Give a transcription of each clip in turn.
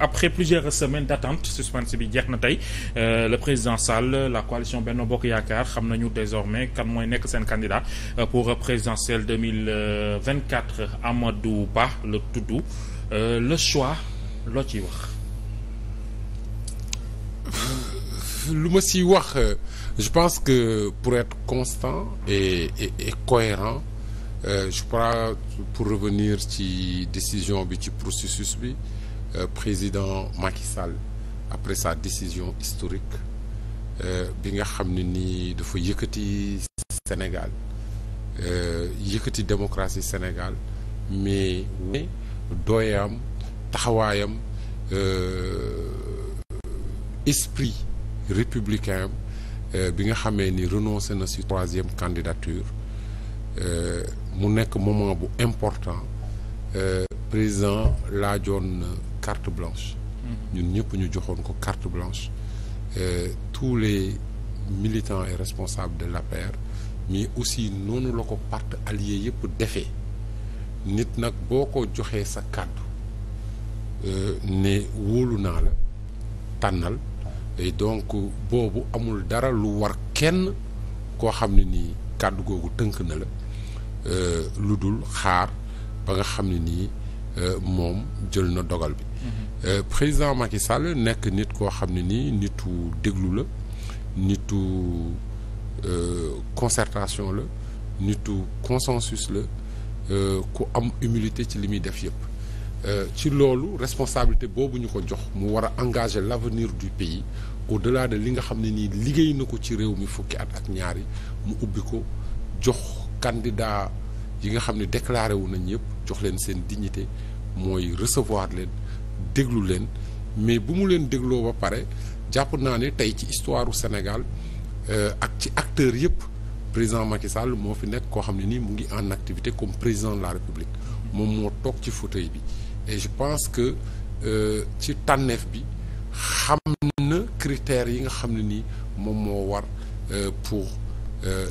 après plusieurs semaines d'attente suspense bi jeex na tey euh, le président Sall la coalition Benno Bokk Yaakaar xam nañu désormais kan mooy nekk seen candidat euh, pour présidentielle 2024 Amadou Ba la tudd euh, le choix loo ciy wax lu ma si wax je pense que pour être constant et et, cohérent euh, je crois pour revenir ci décision bi ci processus bi Euh, président Macky Sall après sa décision historique euh, bi nga xam ni nii dafa yëkkati Sénégal euh, yëkkati démocratie Sénégal mais dooyaam taxawaayam esprit républicain bi nga xamee ni renoncé na ci troisième candidature mu nekk moment bu important président laajoon na carte blanche ñun ñëpp ñu joxoon ko carte blanche euh, tous les militants et responsables de l'APR mais aussi noonu la ko parti allié yëpp defee nit nag boo ko joxee sa kàddu euh, ne wóolu naa la tànnal et donc boobu amul dara lu war kenn koo xam ne nii kàddu googu tënk na la euh, lu dul xaar ba nga xam ne nii Euh, moom jël na dogal bi. Euh, président Macky Sall nekk nit koo xam ne nii nitu déglu la nitu euh, concertation la nitu consensus la ku am humilité ci li muy def yëpp. ci loolu responsabilité boobu ñu ko jox mu war a engager l'avenir du pays au de li nga xam ne nii liggéey na ko ci réew mi fukki at ak ñaari mu ubbi ko jox candidat. yi nga xam ne déclaré wu nañ yëpp jox leen seen dignité mooy recevoir leen déglu leen mais bu mu leen dégloo ba pare jàpp naa ne tey ci histoire u Sénégal euh, ak ci acteurs yëpp président Macky Sall moo fi nekk koo xam ne nii mu ngi en activité comme président de la République moom moo toog ci fauteuil bi et je pense que euh, ci tànneef bi xam na critères yi nga xam ne nii moom moo war euh, pour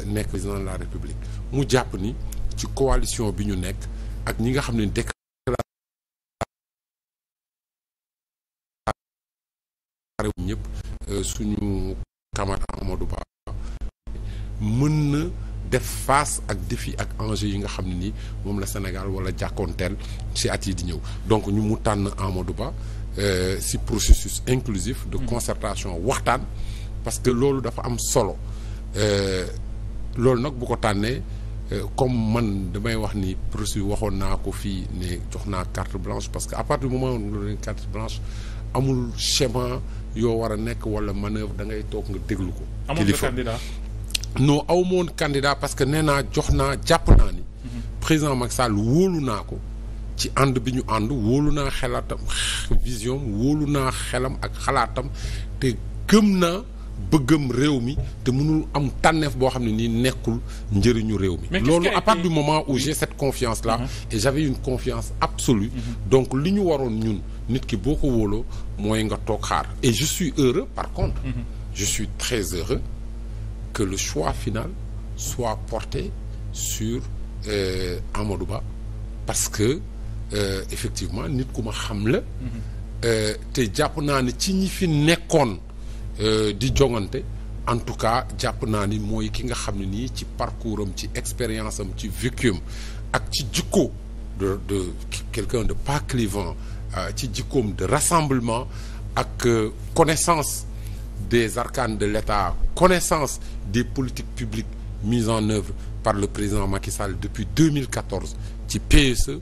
nekk président de la République mu jàpp ni ci coalition bi ñu nekk ak ñi nga xam ne déclaration ñëpp euh, suñu camarade Amadou Ba mën na def face ak défi ak enjeu yi nga xam ne ni moom la Sénégal wala jàkkoonteel ci at yi di ñëw donc ñu mu tànn Amadou Ba euh, ci processus inclusif de mm-hmm. concertation waxtaan parce que loolu dafa am solo euh, loolu nag bu ko tànnee Euh, comme man damay wax ni procédure waxoon naa ko fii ne jox naa carte blanche parce que à partir du moment où nga carte blanche amul schéma yoo war a nekk wala manœuvre da ngay toog nga déglu ko. kilifa non aw ma woon parce que nee naa jox naa jàpp naa ni. Mhm. président Macky wóolu naa ko ci ànd bi ñu ànd wóolu naa xelaatam vision wóolu naa xelam ak xalaatam te gëm naa. bëggam réew mi te mënul am tànneef boo xam ne nii nekkul njëriñu réew mi loolu à partir du moment où j'ai cette confiance la mm-hmm. et j'avais une confiance absolue mm-hmm. donc li ñu waroon ñun nit ki boo ko wóoloo mooy nga toog xaar et je suis heureux par contre mm-hmm. je suis très heureux que le choix final soit porté sur euh, Amadou parce que euh, effectivement nit ku ma xam la euh, te jàpp naa ne ci ñi fi nekkoon Euh, di jongante en tout cas jàpp naa ni mooy ki nga xam ne nii ci parcours am ci expérience am ci vécu ak ci jikko de de quelqu'un de pas clivant euh, ci jikkoom de rassemblement ak euh, connaissance des arcanes de l'État connaissance des politiques publiques mises en œuvre par le président Macky Sall depuis 2014 ci PSE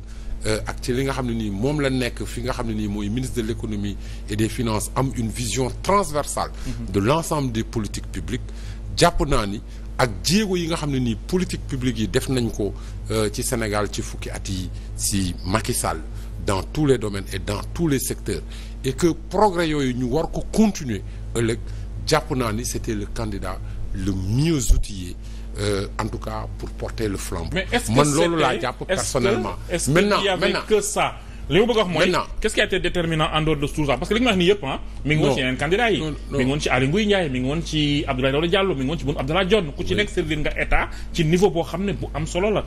Euh, ak ci li nga xam ne nii moom la nekk fi nga xam ne nii mooy ministre de l'économie et des finances am une vision transversale mhm. de l'ensemble des politiques publiques jàpp naa ni ak jéego yi nga xam ne nii politique publique yi def nañ ko euh, ci Sénégal ci fukki at yi si Macky Sall dans tous les domaines et dans tous les secteurs et que progrès yooyu ñu war ko continuer ëllëg jàpp naa ni c'était le candidat le mieux outillé euh, en tout cas pour porter le flambeau. man loolu est-ce que maintenant, il y avait que ça. li ma bëgg wax mooy qu'est-ce qui a été déterminant en dehors de Sousa parce que li nga wax nii yëpp ah. mi ngi woon ci yeneen candidats yi. mi ngi woon ci Aly Ngouille Ndiaye mi ngi woon ci Abdoulaye Daouda Diallo mi ngi woon ci Boun Abdallah Dionne ku ci nekk servir nga état ci niveau boo xam ne bu am solo la.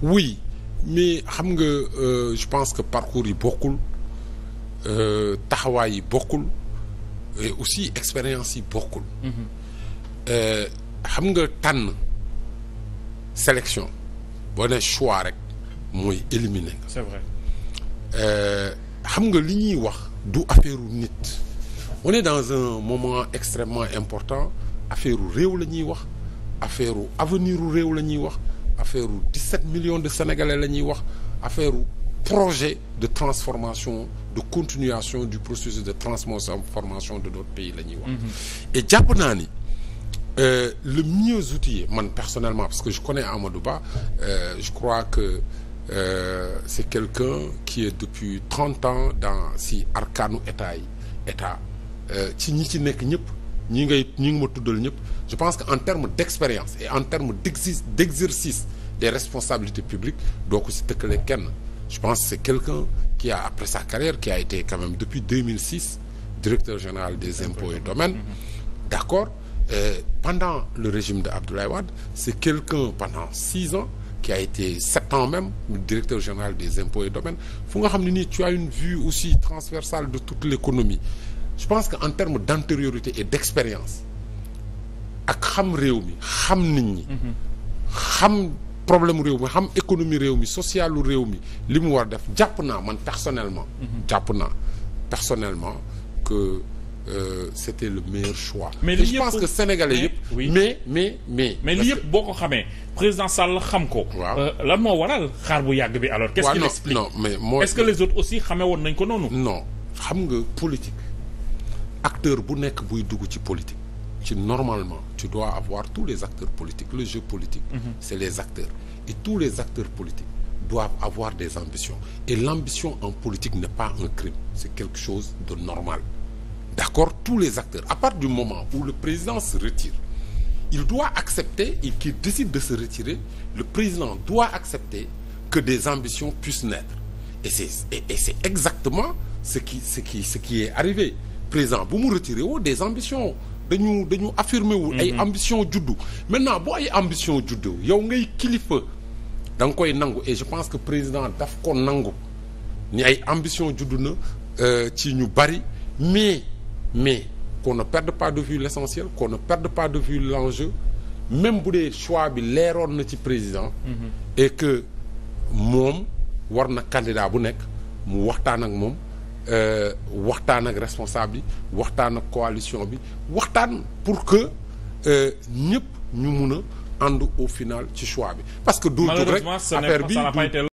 oui mais xam nga euh, je pense que parcours yi bokkul euh, taxawaay yi bokkul et aussi expérience yi bokkul. Mm-hmm. Euh, xam nga tànn sélection boo ne choix rek mooy éliminer nga. c'est euh, xam nga li ñuy wax du affaire nit on est dans un moment extrêmement important affaire réew la ñuy wax affaire avenir réew la ñuy wax affaire 17 million de sénégalais la ñuy wax affaire projet de transformation de continuation du processus de transformation de notre pays la ñuy wax. Mm-hmm. et jàpp naa ni. Euh, le mieux outillé man personnellement parce que je connais Amadou Ba euh, je crois que euh, c'est quelqu'un qui est depuis trente ans dans si arkaanu état yi état euh, ci ñi ci nekk ñëpp ñi ngay ñi ngi ma tuddal ñëpp je pense que en terme d'expérience et en terme d'exercice d'exercice des responsabilités publiques doo ko si tëkkale kenn je pense que c'est quelqu'un qui a après sa carrière qui a été quand même depuis 2006 directeur général des impôts et domaines mm-hmm. d'accord euh, pendant le régime de Abdoulaye Wade c'est quelqu'un pendant six ans qui a été sept ans même directeur général des impôts et domaines fu nga xam ne nii tu as une vue aussi transversale de toute l'économie je pense que en termes d'antériorité et d'expérience ak xam réew mi xam nit ñi xam problème réew mi xam économie réew mi socialu réew mi li mu war def jàpp na man personnellement jàpp na personnellement que euh, c'était le meilleur choix. mais je pense que sénégalais yëpp. mais mais mais. mais li yëpp boo ko xamee président Sall xam ko. waaw euh, lan moo waral xaar bu yàgg bi alors. qu'est-ce qu'il explique mais mooy. est-ce que les autres aussi xamee woon nañ ko noonu. non xam nga politique acteurs bu nekk buy dugg ci politique. ci normalement tu dois avoir tous les acteurs politiques le jeu politique. Mm les acteurs et les acteurs politiques doivent avoir des ambitions et l'ambition en politique n'est pas un crime c'est quelque chose de d'accord tous les acteurs à partir du moment où le président se retire il doit accepter et qu'il décide de se retirer le président doit accepter que des ambitions puissent naître et c'est et, et c'est exactement ce qui est arrivé président bu mu retiré woo des ambitions dañu dañu affirmé wu ay mhm. ambition juddu maintenant boo ay ambition juddu yow ngay kilifa da nga nangu et je pense que président daf ko nangu ni ay ambition juddu na euh, ci ñu bari mais mais kon ne perde pas de vue l'essentiel qu'on ne perde pas de vue l'enjeu même bu dee choix bi leeroon na ci président mm-hmm. et que moom war na candidat bu nekk mu waxtaan ak moom euh, waxtaan ak responsable bi waxtaan ak coalition bi waxtaan pour que euh, ñëpp ñu mun a ànd au final ci choix bi parce que doo jóg rek affaire bi